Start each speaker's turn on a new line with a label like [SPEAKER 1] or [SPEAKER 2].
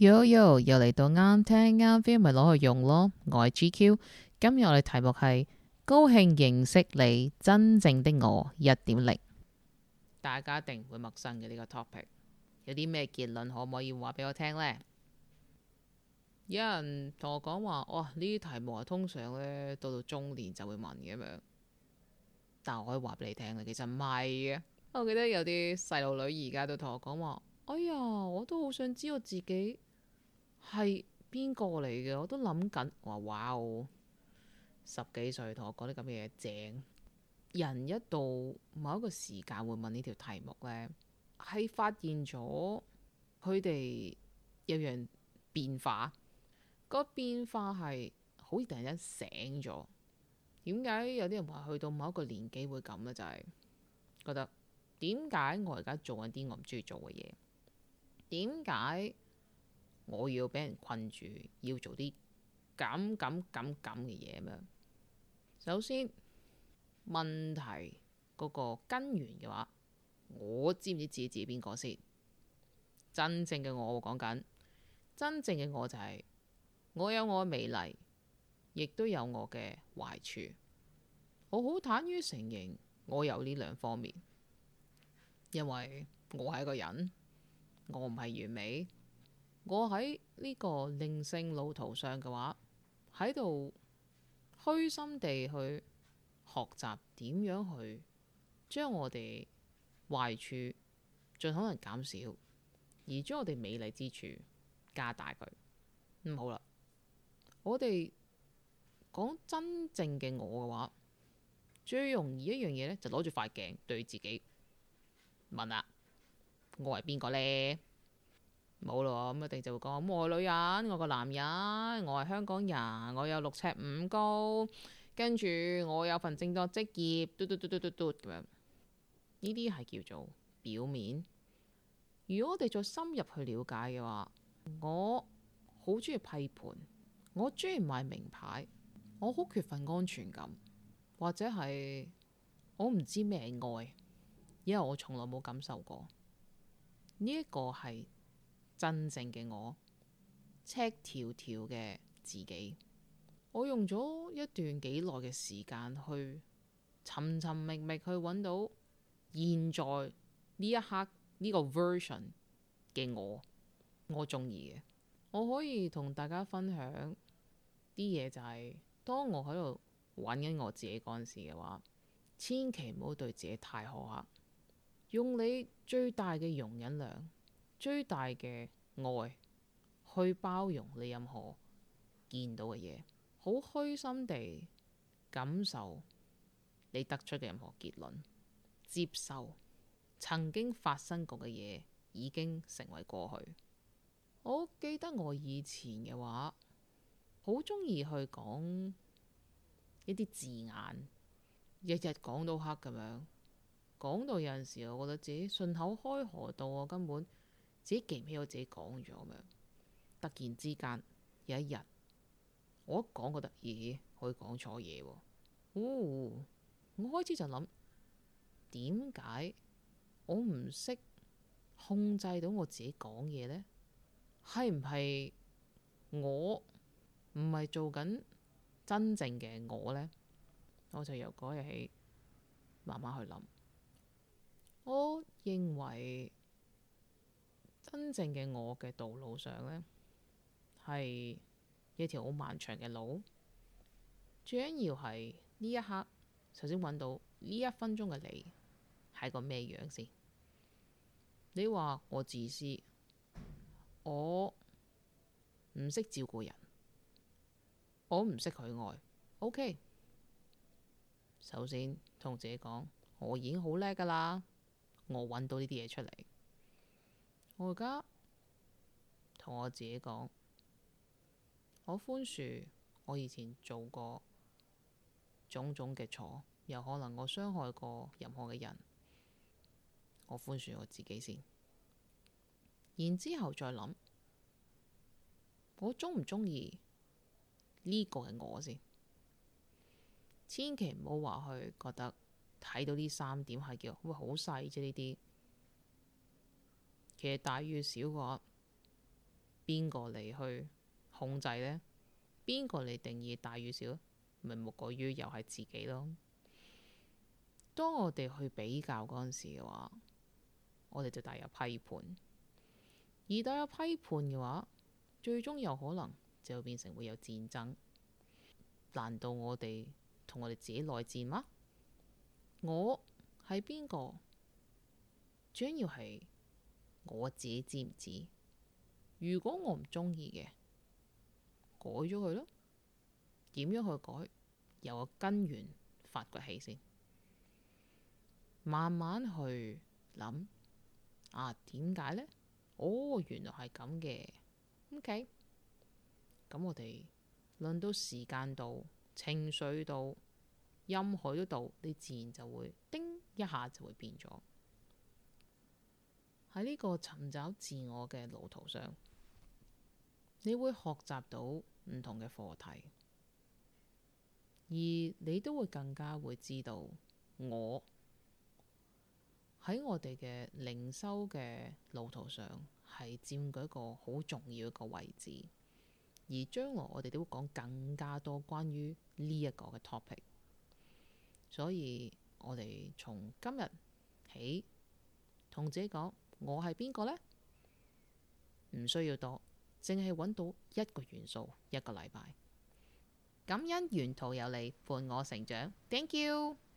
[SPEAKER 1] Yo yo，又嚟到啱聽啱 feel，咪攞去用咯。我係 GQ，今日我哋題目係高興認識你真正的我一點零，大家一定唔會陌生嘅呢個 topic。有啲咩結論可唔可以話俾我聽呢？有人同我講話，哇、哦！呢啲題目啊，通常呢到到中年就會問嘅咁樣。但係我可以話俾你聽嘅，其實唔係嘅。我記得有啲細路女而家都同我講話，哎呀，我都好想知道我自己。係邊個嚟嘅？我都諗緊。我話哇、哦、十幾歲同我講啲咁嘅嘢，正。人一到某一個時間會問呢條題目呢，係發現咗佢哋有樣變化。嗰、那個、變化係好似突然間醒咗。點解有啲人話去到某一個年紀會咁呢？就係、是、覺得點解我而家做緊啲我唔中意做嘅嘢？點解？我要俾人困住，要做啲咁咁咁咁嘅嘢咁。首先，問題嗰個根源嘅話，我知唔知自己指邊個先？真正嘅我講緊，真正嘅我就係我有我嘅美麗，亦都有我嘅壞處。我好坦於承認，我有呢兩方面，因為我係一個人，我唔係完美。我喺呢個靈性路途上嘅話，喺度虛心地去學習點樣去將我哋壞處盡可能減少，而將我哋美麗之處加大佢。咁、嗯、好啦，我哋講真正嘅我嘅話，最容易一樣嘢呢，就攞住塊鏡對自己問啊，我係邊個呢？冇咯，咁一定就會講，我係女人，我個男人，我係香港人，我有六尺五高，跟住我有份正當職業，嘟嘟嘟嘟嘟嘟咁樣。呢啲係叫做表面。如果我哋再深入去了解嘅話，我好中意批判，我中意買名牌，我好缺乏安全感，或者係我唔知咩係愛，因為我從來冇感受過。呢一個係。真正嘅我，赤條條嘅自己，我用咗一段幾耐嘅時間去尋尋覓覓去搵到現在呢一刻呢、呢個 version 嘅我，我中意嘅。我可以同大家分享啲嘢，就是，就係當我喺度搵緊我自己嗰陣時嘅話，千祈唔好對自己太苛刻，用你最大嘅容忍量。最大嘅愛去包容你任何見到嘅嘢，好虛心地感受你得出嘅任何結論，接受曾經發生過嘅嘢已經成為過去。我記得我以前嘅話，好中意去講一啲字眼，日日講到黑咁樣，講到有陣時，我覺得自己順口開河道啊，我根本～自己記唔起我自己講咗咁樣，突然之間有一日，我一講覺得，咦、欸，可以講錯嘢喎！哦，我開始就諗，點解我唔識控制到我自己講嘢呢？係唔係我唔係做緊真正嘅我呢？我就由嗰日起慢慢去諗。我認為。真正嘅我嘅道路上呢，係一條好漫長嘅路。最緊要係呢一刻，首先揾到呢一分鐘嘅你係個咩樣先？你話我自私，我唔識照顧人，我唔識佢愛。O.K. 首先同自己講，我已經好叻噶啦，我揾到呢啲嘢出嚟。我而家同我自己講，我寬恕我以前做過種種嘅錯，有可能我傷害過任何嘅人，我寬恕我自己先，然之後再諗，我中唔中意呢個係我先，千祈唔好話去覺得睇到呢三點係叫，喂好細啫呢啲。其實大與小嘅話，邊個嚟去控制呢？邊個嚟定義大與小？咪莫過於又係自己咯。當我哋去比較嗰陣時嘅話，我哋就帶有批判，而帶有批判嘅話，最終有可能就會變成會有戰爭。難道我哋同我哋自己內戰嗎？我係邊個？主要係。我自己知唔知？如果我唔中意嘅，改咗佢咯。點樣去改？由個根源發掘起先，慢慢去諗。啊，點解呢？哦，原來係咁嘅。OK，咁我哋論到時間度，情緒度，陰海度，你自然就會叮一下就會變咗。喺呢個尋找自我嘅路途上，你會學習到唔同嘅課題，而你都會更加會知道我喺我哋嘅靈修嘅路途上係佔據一個好重要一個位置。而將來我哋都會講更加多關於呢一個嘅 topic，所以我哋從今日起同自己講。我係邊個呢？唔需要多，淨係揾到一個元素，一個禮拜。感恩沿途有你伴我成長，Thank you。